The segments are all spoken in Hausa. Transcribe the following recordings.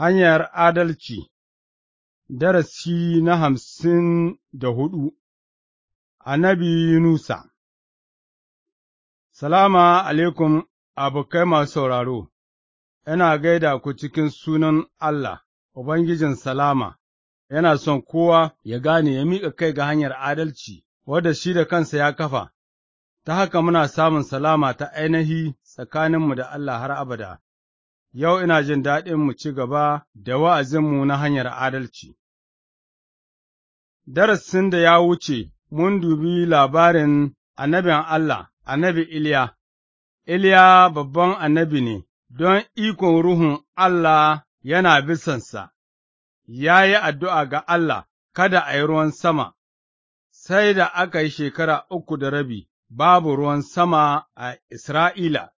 Hanyar Adalci Darasi na hamsin da hudu Annabi Nusa. Salama alaikum abokai masu sauraro, yana gaida ku cikin sunan Allah, Ubangijin Salama, yana son kowa ya gane ya miƙa kai ga hanyar adalci, wadda shi da kansa ya kafa, ta haka muna samun salama ta ainihi tsakaninmu da Allah har abada. yau ina jin daɗin mu ci gaba da wa'azinmu na hanyar adalci. Darasin da ya wuce, mun dubi labarin annabin Allah, annabi Iliya, Iliya babban annabi ne, don ikon Ruhun Allah yana bisansa, ya yi addu'a ga Allah kada a yi ruwan sama, sai da aka yi shekara uku da rabi babu ruwan sama a Isra'ila.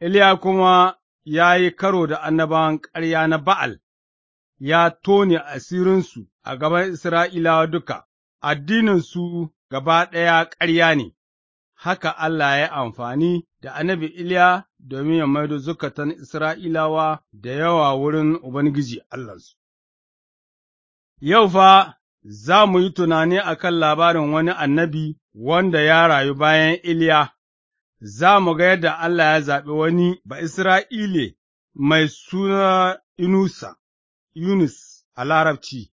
Iliya kuma ya yi karo da annabawan ƙarya na Ba'al, ya tone asirinsu a gaban Isra'ilawa duka, addininsu gaba ɗaya ƙarya ne, haka Allah ya amfani da annabi Iliya domin ya maido zukatan Isra'ilawa da yawa wurin Ubangiji Allahnsu. Yau fa za mu yi tunani a kan labarin wani annabi wanda ya rayu bayan Iliya, za mu ga yadda Allah ya zaɓi wani ba Isra'ile mai suna Inusa, Yunus a Larabci,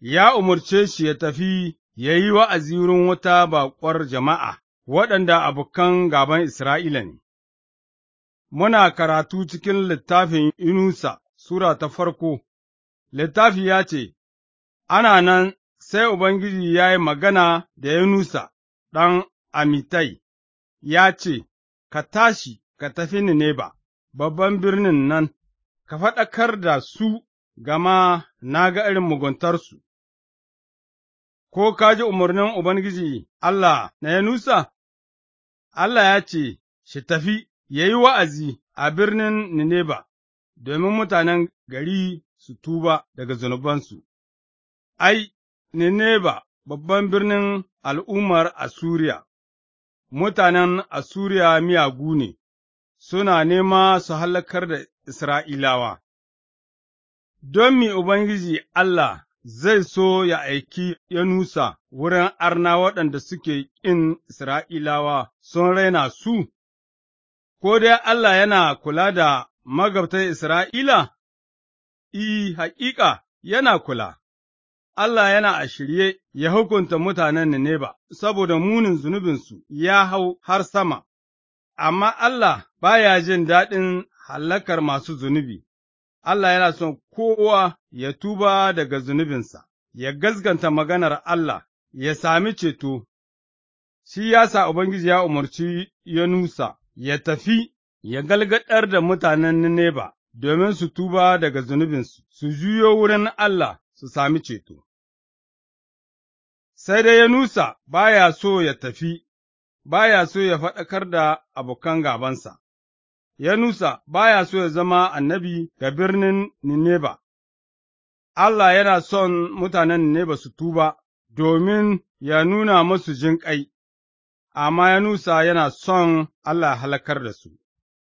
ya umarce shi ya tafi ya yi wa'azi wurin wata baƙwar jama'a waɗanda abokan gaban Isra'ila ne. Muna karatu cikin littafin Inusa, Sura ta farko, littafi ya ce, Ana nan sai Ubangiji ya yi magana da Yunusa ɗan Amitai, ya ce, Ka tashi, ka tafi Nineba, babban birnin nan, ka faɗakar da su, gama na ga irin muguntarsu. Ko ka ji umarnin Ubangiji Allah na ya nusa? Allah ya ce, Shi tafi, ya yi wa'azi a birnin Nineba, domin mutanen gari su tuba daga zunubansu. Ai, Nineba, babban birnin al'ummar Assuriya. mutanen Assuriya miyagu ne, suna nema su halakar da Isra'ilawa. Don mi Ubangiji Allah zai so ya aiki ya nusa wurin arna waɗanda suke ƙin Isra'ilawa sun raina su, ko dai Allah yana kula da magabtar Isra'ila? I, haƙiƙa yana kula, Allah yana a shirye ya hukunta mutanen Nineba, saboda munin zunubinsu ya hau har sama, amma Allah baya jin daɗin hallakar masu zunubi, Allah yana son kowa ya tuba daga zunubinsa, ya gazganta maganar Allah, ya sami ceto, shi ya sa Ubangiji ya umarci nusa, ya tafi, ya galgadar da mutanen Nineba domin su tuba daga zunubinsu, su juyo wurin Allah. su sami ceto. Sai dai ya nusa baya so ya tafi, ba ya so ya faɗakar da abokan gabansa, ya nusa ya so ya zama annabi ga birnin Nineba. Allah yana son mutanen Nineba su tuba domin ya nuna musu jinƙai, amma ya nusa yana son Allah halakar da su.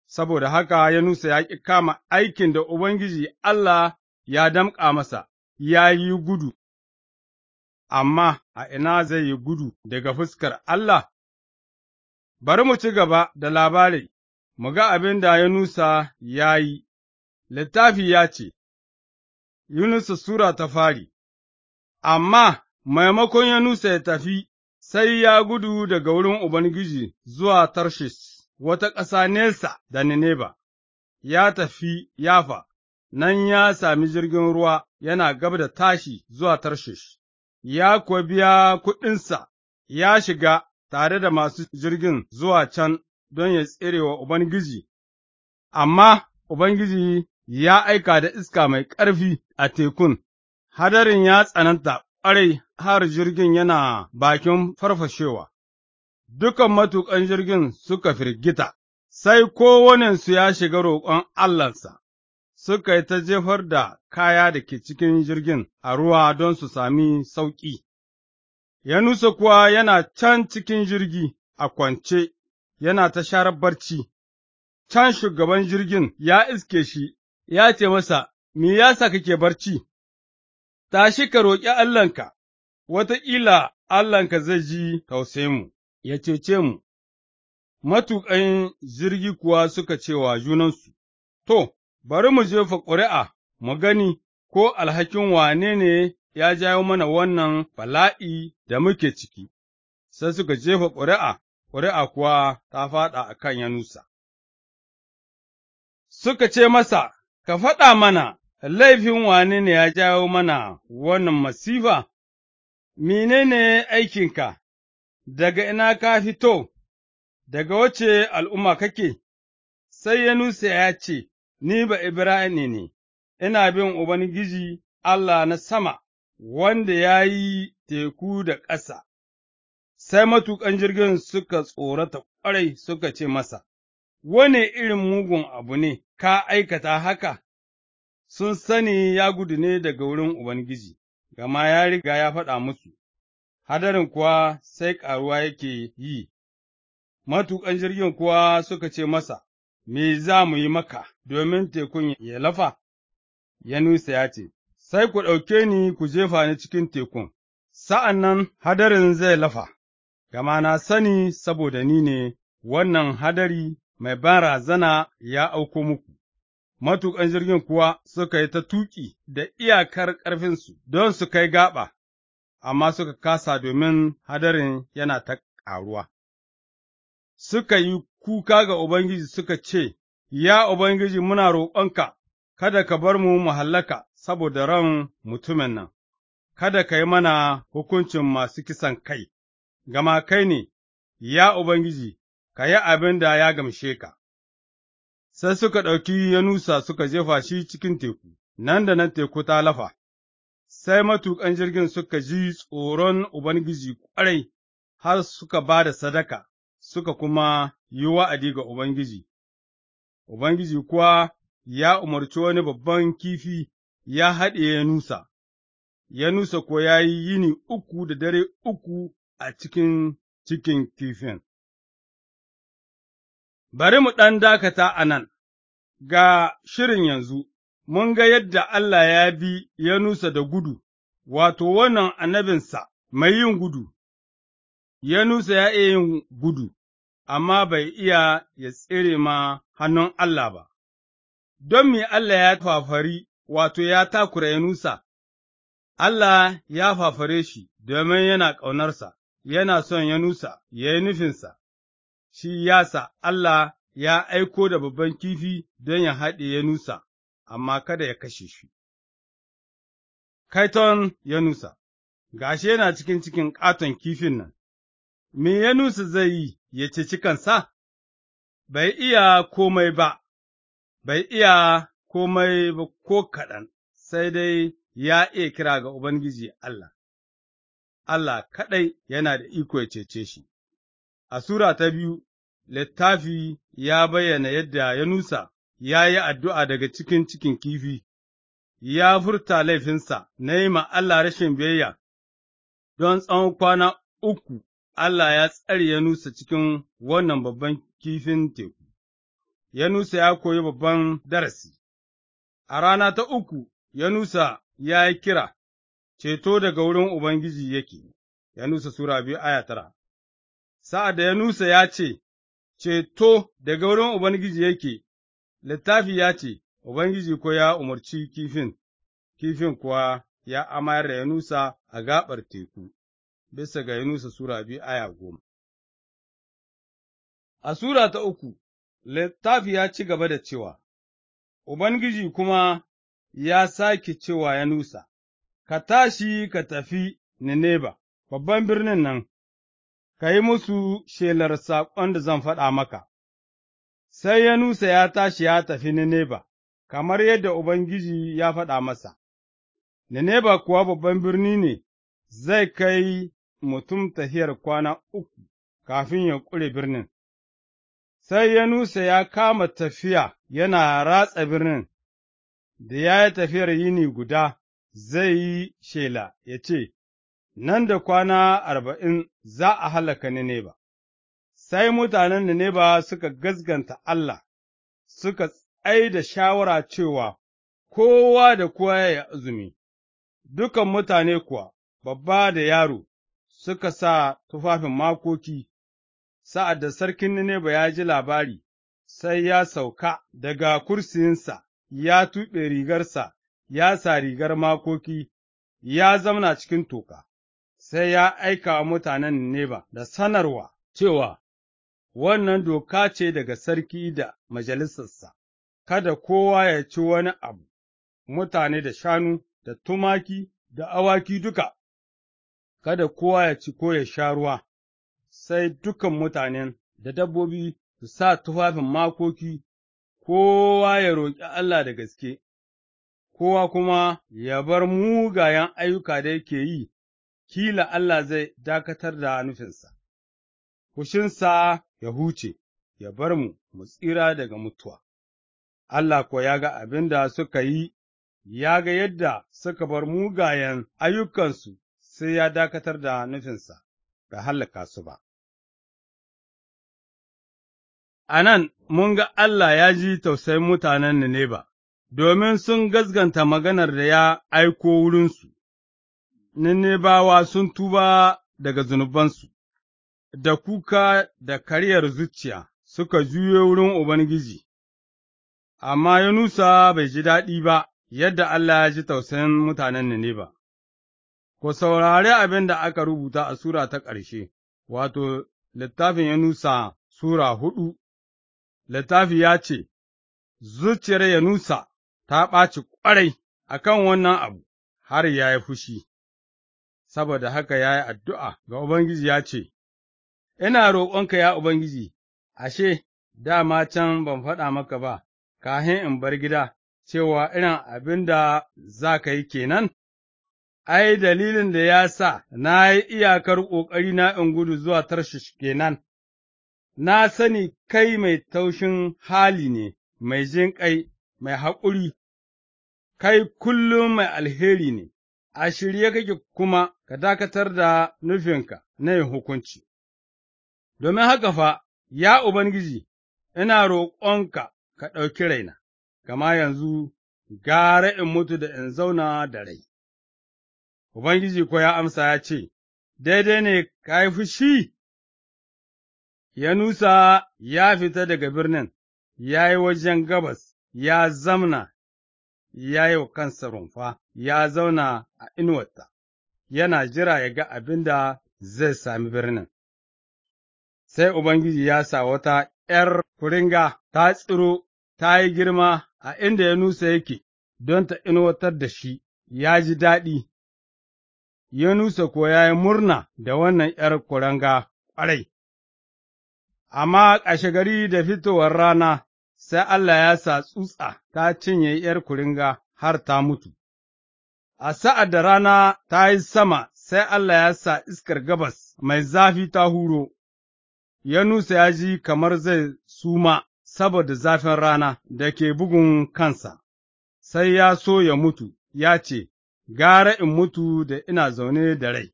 saboda haka ya nusa ya ƙi kama aikin da Ubangiji Allah ya damƙa masa, ya yi gudu, amma a ina zai yi gudu daga fuskar Allah? Bari mu ci gaba da labari, mu ga abin da ya nusa ya yi, littafi ya ce, Yunusa Sura ta fari, amma maimakon ya nusa ya tafi, sai ya gudu daga wurin Ubangiji zuwa Tarshish, wata ƙasa nesa da Nineba, ya tafi Yafa, nan ya sami jirgin ruwa yana gab da tashi zuwa Tarshish, ya kuwa biya kuɗinsa, ya shiga tare da masu jirgin zuwa can don ya tsere wa Ubangiji, amma Ubangiji ya aika da iska mai ƙarfi a tekun, hadarin ya tsananta ƙwarai har jirgin yana bakin farfashewa, dukan matuƙan jirgin suka firgita, sai kowanensu ya shiga roƙon Allahnsa. suka yi ta jefar da kaya da ke cikin jirgin a ruwa don su sami sauƙi. Yanusa kuwa yana can cikin jirgi a kwance, yana ta sharar barci, can shugaban jirgin ya iske shi, ya ce masa, Me yasa kake barci? Tashi ka roƙi Allahnka, wataƙila Allahnka zai ji mu ya cece mu. Matuƙan jirgi kuwa suka ce wa junansu, To, bari mu jefa ƙuri'a mu gani ko alhakin wane ne ya jawo mana wannan bala'i da muke ciki, sai suka jefa ƙuri'a, ƙuri'a kuwa ta faɗa a kan Yanusa. Suka ce masa, Ka faɗa mana, laifin wane ne ya jawo mana wannan masifa, menene aikinka, daga ina ka fito, daga wace al'umma kake? Sai ya nusa ya ce, ni ba Ibrahim ne, ina bin Ubangiji Allah na sama, wanda ya yi teku da ƙasa. Sai matuƙan jirgin suka tsorata ƙwarai suka ce masa, Wane irin mugun abu ne ka aikata haka? Sun sani ya gudu ne daga wurin Ubangiji, gama ya riga ya faɗa musu, hadarin kuwa sai ƙaruwa yake yi, matuƙan jirgin kuwa suka ce masa, Me za mu yi maka domin tekun ya lafa? Ya nusa ya ce, Sai ku ɗauke ni ku jefa ni cikin tekun, sa'an nan hadarin zai lafa, gama na sani saboda ni ne wannan hadari mai barazana ya auko muku. Matuƙan jirgin kuwa suka yi ta tuƙi da iyakar ƙarfinsu don su kai gaɓa, amma suka kasa domin hadarin yana ta ƙaruwa. suka yi kuka ga Ubangiji suka ce, Ya Ubangiji muna roƙonka, kada ka bar mu mu saboda ran mutumin nan, kada ka yi mana hukuncin masu kisan kai, gama kai ne, ya Ubangiji, ka yi abin da ya gamshe ka. Sai suka ɗauki Yanusa suka jefa shi cikin teku, nan da nan teku ta lafa, sai matuƙan jirgin suka ji tsoron Ubangiji ƙwarai har suka ba da sadaka suka kuma yi wa'adi ga Ubangiji, Ubangiji kuwa ya umarci wani babban kifi ya haɗe ya nusa, ya nusa ko ya yi yini uku da dare uku a cikin cikin kifin. Bari mu ɗan dakata a nan, ga shirin yanzu, mun ga yadda Allah ya bi ya nusa da gudu, wato wannan annabinsa mai yin gudu, ya nusa ya iya yin gudu, amma bai iya ya tsere ma hannun Allah ba, don me Allah ya fafari wato ya takura nusa? Allah ya fafare shi domin yana ƙaunarsa, yana son ya nusa ya yi nufinsa, shi yasa Allah ya aiko da babban kifi don ya haɗe ya nusa amma kada ya kashe shi. Kaiton nusa, gashi yana cikin cikin ƙaton kifin nan. me Yanusa zai yi ya ceci kansa? Bai iya komai ba, bai iya komai ba ko kaɗan, sai dai ya iya kira ga Ubangiji Allah, Allah kaɗai yana da iko ya cece shi. A Sura ta biyu, littafi ya bayyana yadda Yanusa ya yi addu'a daga cikin cikin kifi, ya furta laifinsa na yi Allah rashin biyayya don tsawon kwana uku Allah ya tsare nusa cikin wannan babban kifin teku, ya nusa ya koyi babban darasi. A rana ta uku, ya nusa ya yi kira, Ceto daga wurin Ubangiji yake, ya nusa Sura biyu aya tara. Sa'ad da ya nusa ya ce, Ceto daga wurin Ubangiji yake, littafi ya ce, Ubangiji ko ya umarci kifin, kifin kuwa ya amayar da ya nusa a gaɓar teku. bisa ga Yunusa Sura biyu aya goma. A Sura ta uku, littafi ya ci gaba da cewa, Ubangiji kuma ya sake cewa ya nusa, Ka tashi ka tafi Nineba, babban birnin nan, ka yi musu shelar saƙon da zan faɗa maka. Sai ya nusa ya tashi ya tafi Nineba, kamar yadda Ubangiji ya faɗa masa, Nineba kuwa babban birni ne, zai kai mutum tahiyar kwana uku kafin ya ƙure birnin, sai ya nusa ya kama tafiya yana ratsa birnin, da ya yi tafiyar yini guda zai yi shela ya ce, Nan da kwana arba'in za a halaka Nineba, sai mutanen Nineba suka gazganta Allah, suka tsai da shawara cewa kowa da kowa ya azumi, dukan mutane kuwa, babba da yaro, suka sa tufafin makoki, sa'ad da sarkin Nineba ya ji labari, sai ya sauka daga kursiyinsa, ya tuɓe rigarsa, ya sa rigar makoki, ya zamna cikin toka, sai ya aika wa mutanen Nineba da sanarwa cewa, Wannan doka ce daga sarki da majalisarsa, kada kowa ya ci wani abu, mutane da shanu, da tumaki, da awaki duka kada kowa ya ci ko ya sha ruwa, sai dukan mutanen da dabbobi su sa tufafin makoki, kowa ya roƙi Allah da gaske, kowa kuma ya bar mugayen ayyuka da yake yi, kila Allah zai dakatar da nufinsa, Kushinsa ya huce, ya bar mu mu tsira daga mutuwa. Allah ko ya ga abin da suka yi, ya ga yadda suka bar mugayen ayyukansu sai ya dakatar da nufinsa ga hallaka su ba. A nan mun ga Allah ya ji tausayin mutanen Nineba, domin sun gazganta maganar da ya aiko wurinsu, Ninebawa sun tuba daga zunubansu, da kuka da karyar zuciya suka juye wurin Ubangiji, amma Yunusa bai ji daɗi ba yadda Allah ya ji tausayin mutanen Nineba. ku saurari abin da aka rubuta a Sura ta ƙarshe, wato, littafin Yanusa Sura hudu, littafi ya ce, Zuciyar Yanusa ta ɓaci ƙwarai a kan wannan abu, har ya yi fushi, saboda haka ya yi addu'a ga Ubangiji ya ce, Ina roƙonka, ya Ubangiji, ashe, dama can ban faɗa maka ba, kahin in bar gida, cewa irin abin da za ka yi kenan? ai, dalilin da ya sa na yi iyakar ƙoƙari na in gudu zuwa Tarshish kenan, na sani kai mai taushin hali ne, mai jin ƙai, mai haƙuri, kai kullum mai alheri ne, a shirye kake kuma ka dakatar da nufinka na yin hukunci. Domin haka fa, ya Ubangiji, ina roƙonka ka ɗauki raina, gama yanzu gara in mutu da in zauna da rai. Ubangiji ko ya amsa ya ce, Daidai ne ka yi fushi, ya nusa ya fita daga birnin, ya yi wajen gabas, ya zamna, ya yi wa kansa rumfa, ya zauna a inuwarta, yana jira ya ga abin da zai sami birnin. Sai Ubangiji ya sa wata ’yar kuringa ta tsiro, ta yi girma a inda ya nusa yake don ta inuwatar da shi, ya ji daɗi. Yanusa kuwa ya yi murna da wannan ’yar kuranga ƙwarai. Amma gari da fitowar rana, sai Allah ya sa tsutsa ta cinye ’yar kuringa har ta mutu. A sa'ad da rana ta yi sama, sai Allah ya sa iskar gabas mai zafi ta huro, Yanusa ya ji kamar zai suma saboda zafin rana da ke bugun kansa, sai ya so ya mutu, ya ce, gara in mutu da ina zaune da rai,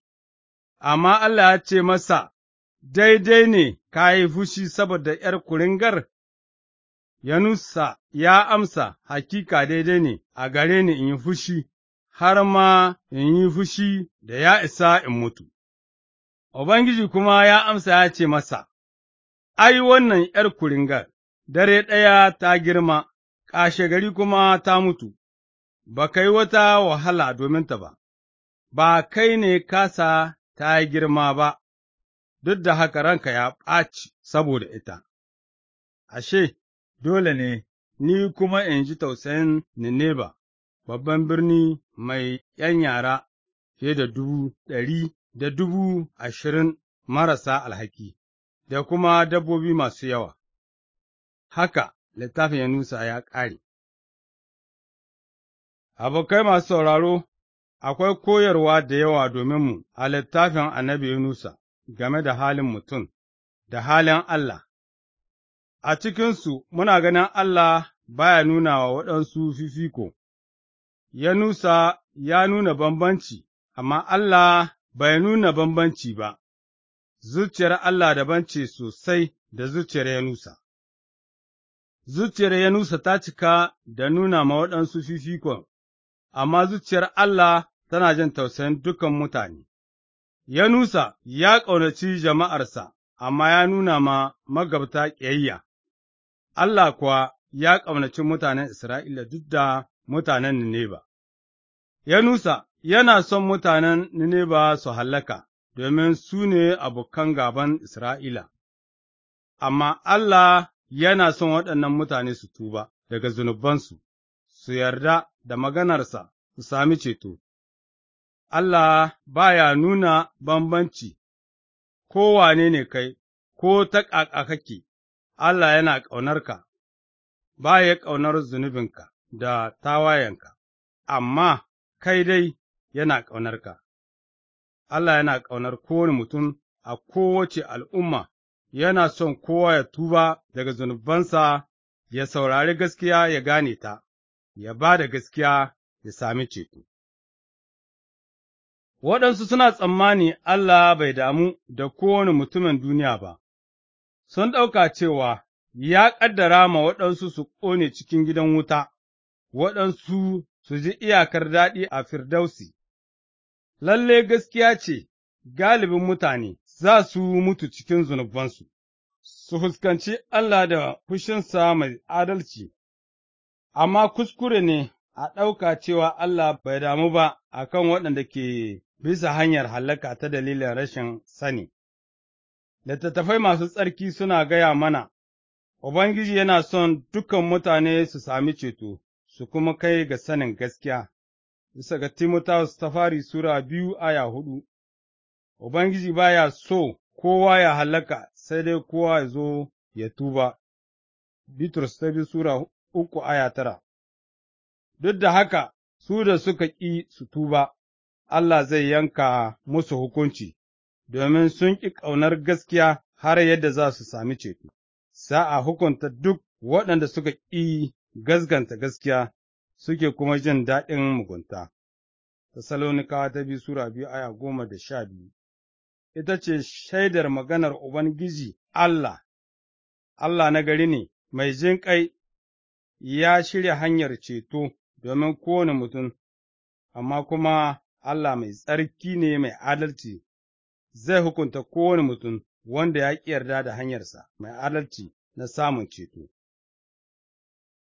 amma Allah ya ce masa, Daidai ne ka yi fushi saboda ’yar kuringar? Yanusa ya amsa, Hakika daidai ne a gare ni in yi fushi, har ma in yi fushi da ya isa in mutu. Ubangiji kuma ya amsa ya ce masa, Ai, wannan ’yar kuringar, dare ɗaya ta girma, kashe gari kuma ta mutu, ba ka yi wata wahala domin ta ba, ba kai ne kasa ta yi girma ba, duk da haka ranka ya ɓaci saboda ita. Ashe, dole ne ni kuma in ji tausayin Nineba, babban birni mai ’yan yara fiye da dubu ɗari da dubu ashirin marasa alhaki, da kuma dabbobi masu yawa. Haka littafin ya nusa ya ƙare. Abokai masu sauraro, akwai koyarwa da yawa mu a littafin annabi Yunusa game da halin mutum da halin Allah, a cikinsu muna ganin Allah baya nuna wa waɗansu fifiko, ya nusa ya nuna bambanci, amma Allah bai nuna bambanci ba, zuciyar Allah daban ce sosai da zuciyar ya nusa. Zuciyar ya nusa ta cika da nuna ma waɗansu fifikon amma zuciyar Allah tana jin tausayin dukan mutane. Yanusa ya ƙaunaci jama'arsa, amma ya nuna ma magabta ƙiyayya, Allah kuwa ya ƙaunaci mutanen Isra'ila duk da mutanen Nineba. Yanusa yana son mutanen Nineba su hallaka, domin su ne abokan gaban Isra'ila, amma Allah yana son waɗannan mutane su tuba daga zunubansu, su yarda da maganarsa su sami ceto. Allah ba ya nuna bambanci, wane ne kai, ko ta ƙaƙa kake, Allah yana ƙaunarka, ba ya ƙaunar zunubinka da tawayenka, amma kai dai yana ƙaunarka. Allah yana ƙaunar kowane mutum a kowace al'umma, yana son kowa ya tuba daga zunubansa, ya saurari gaskiya ya gane ta, ya ba da gaskiya ya sami ceto. Waɗansu suna tsammani Allah bai damu da kowane mutumin duniya ba, sun ɗauka cewa ya ƙaddara ma waɗansu su ƙone cikin gidan wuta, waɗansu su ji iyakar daɗi a firdausi. Lalle gaskiya ce, galibin mutane za su mutu cikin zunubansu, su fuskanci Allah da fushinsa mai adalci amma kuskure ne a ɗauka cewa Allah bai damu ba a kan waɗanda ke bisa hanyar hallaka ta dalilin rashin sani. Littattafai masu tsarki suna gaya mana, Ubangiji yana son dukan mutane su sami ceto, su kuma kai ga sanin gaskiya, bisa ga Timotaus ta fari Sura biyu aya hudu, Ubangiji baya so kowa ya hallaka sai dai kowa ya zo ya tuba. Bitrus ta bi Sura uku aya tara, duk da haka su da suka ƙi su tuba, Allah zai yanka musu hukunci, domin sun ƙi ƙaunar gaskiya har yadda za su sami ceto, sa'a hukunta duk waɗanda suka ƙi gasganta gaskiya suke kuma jin daɗin mugunta. Tasalonikawa ta biyu Sura biyu aya goma da sha biyu, ita ce shaidar maganar Ubangiji Allah, Allah na gari ne, mai jinƙai ya shirya hanyar ceto domin kowane mutum, amma kuma Allah mai tsarki ne mai adalci, zai hukunta kowane mutum wanda ya ƙi yarda da hanyarsa mai adalci na samun ceto.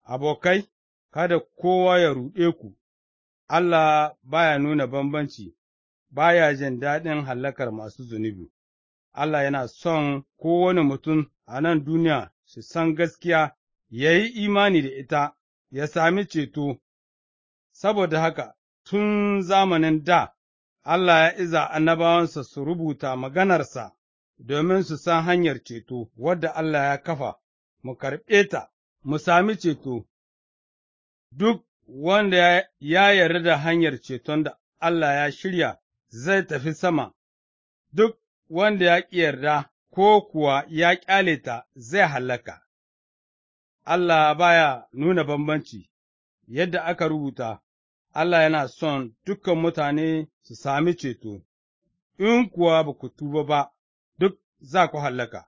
Abokai, kada kowa ya ruɗe ku, Allah baya nuna bambanci, baya jin daɗin hallakar masu zunubi. Allah yana son kowane mutum a nan duniya su san gaskiya ya yi imani da ita, ya sami ceto, saboda haka tun zamanin da Allah ya iza annabawansa su rubuta maganarsa domin su san hanyar ceto wadda Allah ya kafa, mu karɓe ta, mu sami ceto, duk wanda ya yarda da hanyar ceton da Allah ya shirya zai tafi sama, duk wanda ya ƙi yarda ko kuwa ya ƙyale ta zai hallaka. Allah baya nuna bambanci, yadda aka rubuta, Allah yana son dukan mutane su sami ceto, in kuwa ba ku tuba ba, duk za ku hallaka.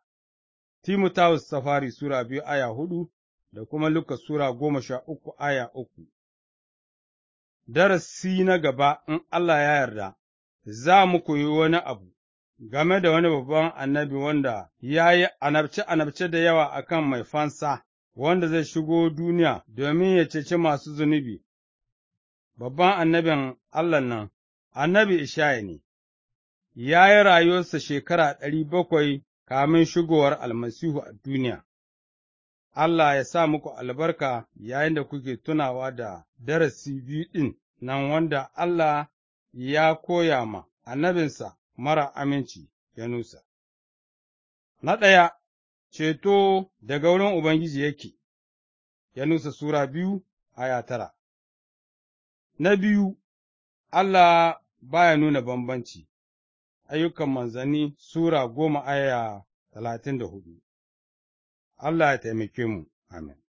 Timotawus Safari Sura biyu aya hudu da kuma Luka Sura goma sha uku aya uku. Darasi na gaba in Allah ya yarda, za mu koyi wani abu game da wani babban annabi wanda ya yi anabce-anabce da yawa akan mai fansa. wanda zai shigo duniya domin ya ceci masu zunubi, babban annabin Allah nan, annabi Ishaya ne, ya yi rayuwarsa shekara ɗari bakwai kamin shigowar almasihu a duniya. Allah ya sa muku albarka yayin da kuke tunawa da darasi biyu ɗin nan wanda Allah ya koya ma annabinsa mara aminci ya nusa. Na ɗaya, Ceto daga wurin Ubangiji yake, ya nusa Sura biyu aya tara. Na biyu, Allah baya nuna bambanci, ayyukan manzanni Sura goma aya talatin da hudu. Allah ya taimake mu, amin.